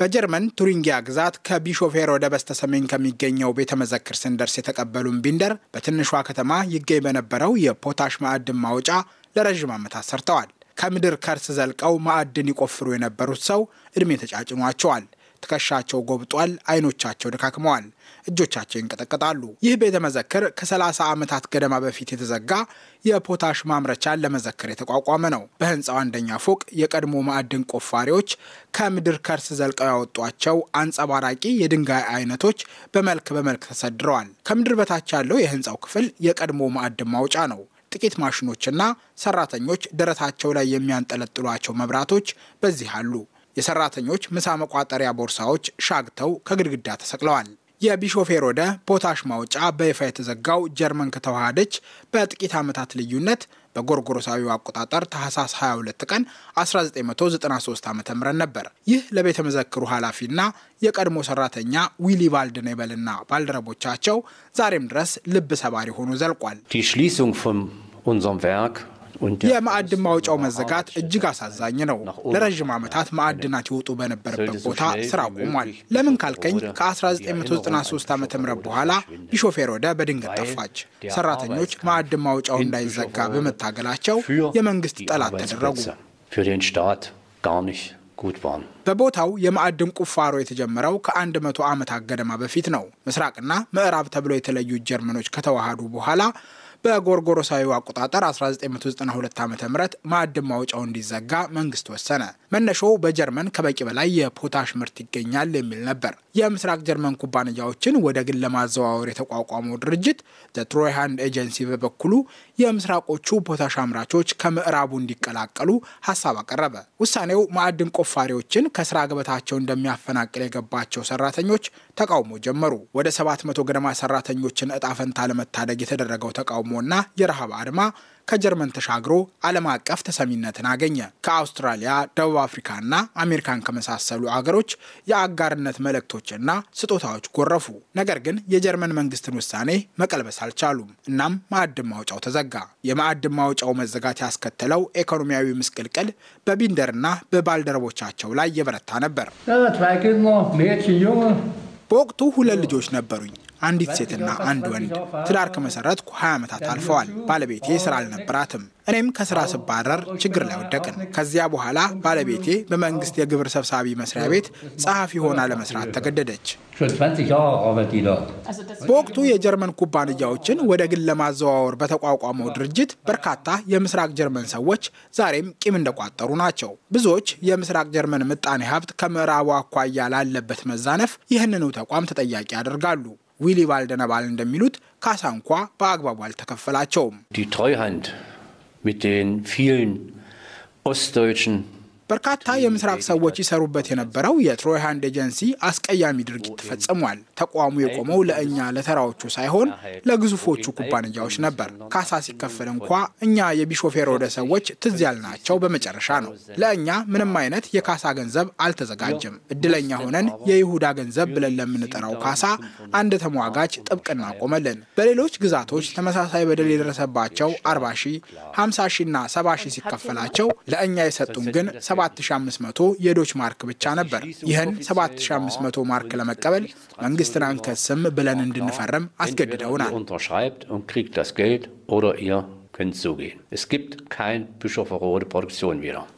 በጀርመን ቱሪንጊያ ግዛት ከቢሾፌር ወደ በስተሰሜን ከሚገኘው ቤተ መዘክር ስንደርስ የተቀበሉን ቢንደር በትንሿ ከተማ ይገኝ በነበረው የፖታሽ ማዕድን ማውጫ ለረዥም ዓመታት ሰርተዋል። ከምድር ከርስ ዘልቀው ማዕድን ይቆፍሩ የነበሩት ሰው ዕድሜ ተጫጭኗቸዋል። ትከሻቸው ጎብጧል፣ አይኖቻቸው ደካክመዋል፣ እጆቻቸው ይንቀጠቀጣሉ። ይህ ቤተ መዘክር ከ30 ዓመታት ገደማ በፊት የተዘጋ የፖታሽ ማምረቻን ለመዘከር የተቋቋመ ነው። በህንፃው አንደኛ ፎቅ የቀድሞ ማዕድን ቆፋሪዎች ከምድር ከርስ ዘልቀው ያወጧቸው አንጸባራቂ የድንጋይ አይነቶች በመልክ በመልክ ተሰድረዋል። ከምድር በታች ያለው የህንፃው ክፍል የቀድሞ ማዕድን ማውጫ ነው። ጥቂት ማሽኖችና ሰራተኞች ደረታቸው ላይ የሚያንጠለጥሏቸው መብራቶች በዚህ አሉ። የሰራተኞች ምሳ መቋጠሪያ ቦርሳዎች ሻግተው ከግድግዳ ተሰቅለዋል። የቢሾፌ ሮደ ፖታሽ ማውጫ በይፋ የተዘጋው ጀርመን ከተዋሃደች በጥቂት ዓመታት ልዩነት በጎርጎሮሳዊው አቆጣጠር ታህሳስ 22 ቀን 1993 ዓ ም ነበር። ይህ ለቤተ መዘክሩ ኃላፊና የቀድሞ ሰራተኛ ዊሊ ኔበልና ባልደረቦቻቸው ዛሬም ድረስ ልብ ሰባሪ ሆኖ ዘልቋል። የማዕድን ማውጫው መዘጋት እጅግ አሳዛኝ ነው። ለረዥም ዓመታት ማዕድናት ይወጡ በነበረበት ቦታ ስራ ቆሟል። ለምን ካልከኝ ከ1993 ዓ ም በኋላ ቢሾፌር ወደ በድንገት ጠፋች። ሰራተኞች ማዕድን ማውጫው እንዳይዘጋ በመታገላቸው የመንግስት ጠላት ተደረጉ። በቦታው የማዕድን ቁፋሮ የተጀመረው ከአንድ መቶ ዓመታት ገደማ በፊት ነው። ምስራቅና ምዕራብ ተብለው የተለዩት ጀርመኖች ከተዋሃዱ በኋላ በጎርጎሮሳዊው አቆጣጠር 1992 ዓ ም ማዕድን ማውጫው እንዲዘጋ መንግስት ወሰነ። መነሾው በጀርመን ከበቂ በላይ የፖታሽ ምርት ይገኛል የሚል ነበር። የምስራቅ ጀርመን ኩባንያዎችን ወደ ግል ለማዘዋወር የተቋቋመው ድርጅት ዘትሮይሃንድ ኤጀንሲ በበኩሉ የምስራቆቹ ፖታሽ አምራቾች ከምዕራቡ እንዲቀላቀሉ ሀሳብ አቀረበ። ውሳኔው ማዕድን ቆፋሪዎችን ከስራ ገበታቸው እንደሚያፈናቅል የገባቸው ሰራተኞች ተቃውሞ ጀመሩ። ወደ 700 ገደማ ሰራተኞችን እጣ ፈንታ ለመታደግ የተደረገው ተቃውሞ ተቃውሞና የረሃብ አድማ ከጀርመን ተሻግሮ ዓለም አቀፍ ተሰሚነትን አገኘ። ከአውስትራሊያ፣ ደቡብ አፍሪካና አሜሪካን ከመሳሰሉ አገሮች የአጋርነት መልእክቶችና ስጦታዎች ጎረፉ። ነገር ግን የጀርመን መንግስትን ውሳኔ መቀልበስ አልቻሉም። እናም ማዕድን ማውጫው ተዘጋ። የማዕድን ማውጫው መዘጋት ያስከተለው ኢኮኖሚያዊ ምስቅልቅል በቢንደርና በባልደረቦቻቸው ላይ የበረታ ነበር። በወቅቱ ሁለት ልጆች ነበሩኝ። አንዲት ሴትና አንድ ወንድ። ትዳር ከመሰረትኩ 20 ዓመታት አልፈዋል። ባለቤቴ ስራ አልነበራትም። እኔም ከስራ ስባረር ችግር ላይ ወደቅን። ከዚያ በኋላ ባለቤቴ በመንግስት የግብር ሰብሳቢ መስሪያ ቤት ጸሐፊ ሆና ለመስራት ተገደደች። በወቅቱ የጀርመን ኩባንያዎችን ወደ ግል ለማዘዋወር በተቋቋመው ድርጅት በርካታ የምስራቅ ጀርመን ሰዎች ዛሬም ቂም እንደቋጠሩ ናቸው። ብዙዎች የምስራቅ ጀርመን ምጣኔ ሀብት ከምዕራቡ አኳያ ላለበት መዛነፍ ይህንኑ ተቋም ተጠያቂ ያደርጋሉ። ዊሊ ባልደነባል እንደሚሉት ካሳ እንኳ በአግባቡ አልተከፈላቸውም። ዲ ትሮይሃንድ ሚት ን ፊልን ኦስትዶይችን በርካታ የምስራቅ ሰዎች ይሰሩበት የነበረው የትሮይ ሃንድ ኤጀንሲ አስቀያሚ ድርጊት ፈጽሟል። ተቋሙ የቆመው ለእኛ ለተራዎቹ ሳይሆን ለግዙፎቹ ኩባንያዎች ነበር። ካሳ ሲከፈል እንኳ እኛ የቢሾፌር ወደ ሰዎች ትዝ ያልናቸው በመጨረሻ ነው። ለእኛ ምንም አይነት የካሳ ገንዘብ አልተዘጋጀም። እድለኛ ሆነን የይሁዳ ገንዘብ ብለን ለምንጠራው ካሳ አንድ ተሟጋች ጥብቅና ቆመልን። በሌሎች ግዛቶች ተመሳሳይ በደል የደረሰባቸው 40 ሺህ፣ 50 ሺህና 70 ሺህ ሲከፈላቸው ለእኛ የሰጡን ግን 7500 የዶች ማርክ ብቻ ነበር። ይህን 7500 ማርክ ለመቀበል መንግስትን አንከስም ብለን እንድንፈርም አስገድደውናል።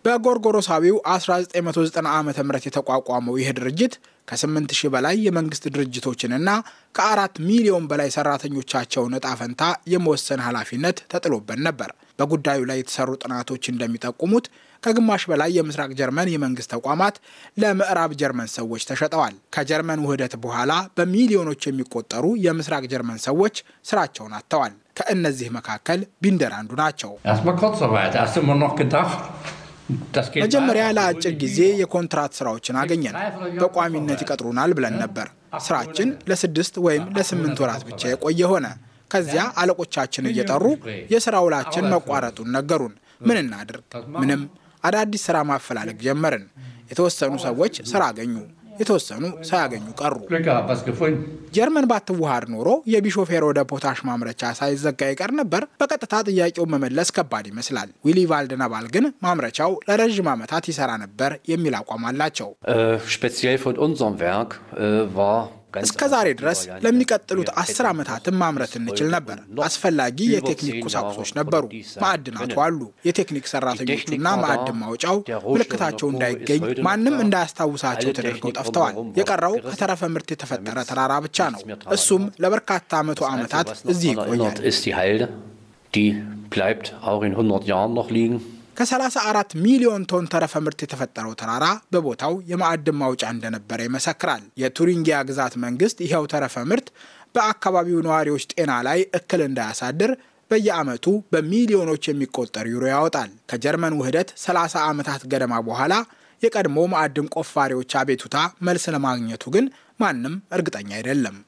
በጎርጎሮሳዊው 1990 ዓ ም የተቋቋመው ይህ ድርጅት ከ8 በላይ የመንግስት ድርጅቶችንና ከአራት ሚሊዮን በላይ ሰራተኞቻቸውን እጣ ፈንታ የመወሰን ኃላፊነት ተጥሎበት ነበር። በጉዳዩ ላይ የተሰሩ ጥናቶች እንደሚጠቁሙት ከግማሽ በላይ የምስራቅ ጀርመን የመንግስት ተቋማት ለምዕራብ ጀርመን ሰዎች ተሸጠዋል። ከጀርመን ውህደት በኋላ በሚሊዮኖች የሚቆጠሩ የምስራቅ ጀርመን ሰዎች ስራቸውን አጥተዋል። ከእነዚህ መካከል ቢንደር አንዱ ናቸው። መጀመሪያ ለአጭር ጊዜ የኮንትራት ስራዎችን አገኘን። በቋሚነት ይቀጥሩናል ብለን ነበር። ስራችን ለስድስት ወይም ለስምንት ወራት ብቻ የቆየ ሆነ። ከዚያ አለቆቻችን እየጠሩ የስራ ውላችን መቋረጡን ነገሩን። ምን እናድርግ? ምንም። አዳዲስ ስራ ማፈላለግ ጀመርን። የተወሰኑ ሰዎች ስራ አገኙ፣ የተወሰኑ ሳያገኙ ቀሩ። ጀርመን ባትዋሃድ ኖሮ የቢሾፌር ወደ ፖታሽ ማምረቻ ሳይዘጋ ይቀር ነበር። በቀጥታ ጥያቄውን መመለስ ከባድ ይመስላል። ዊሊ ቫልድነባል ግን ማምረቻው ለረዥም ዓመታት ይሰራ ነበር የሚል አቋም አላቸው። äh, እስከ ዛሬ ድረስ ለሚቀጥሉት አስር ዓመታትም ማምረት እንችል ነበር። አስፈላጊ የቴክኒክ ቁሳቁሶች ነበሩ፣ ማዕድናቱ አሉ። የቴክኒክ ሰራተኞቹና ማዕድን ማውጫው ምልክታቸው እንዳይገኝ ማንም እንዳያስታውሳቸው ተደርገው ጠፍተዋል። የቀረው ከተረፈ ምርት የተፈጠረ ተራራ ብቻ ነው። እሱም ለበርካታ መቶ ዓመታት እዚህ ይቆያል። ከ34 ሚሊዮን ቶን ተረፈ ምርት የተፈጠረው ተራራ በቦታው የማዕድን ማውጫ እንደነበረ ይመሰክራል። የቱሪንጊያ ግዛት መንግስት ይኸው ተረፈ ምርት በአካባቢው ነዋሪዎች ጤና ላይ እክል እንዳያሳድር በየዓመቱ በሚሊዮኖች የሚቆጠር ዩሮ ያወጣል። ከጀርመን ውህደት 30 ዓመታት ገደማ በኋላ የቀድሞ ማዕድን ቆፋሪዎች አቤቱታ መልስ ለማግኘቱ ግን ማንም እርግጠኛ አይደለም።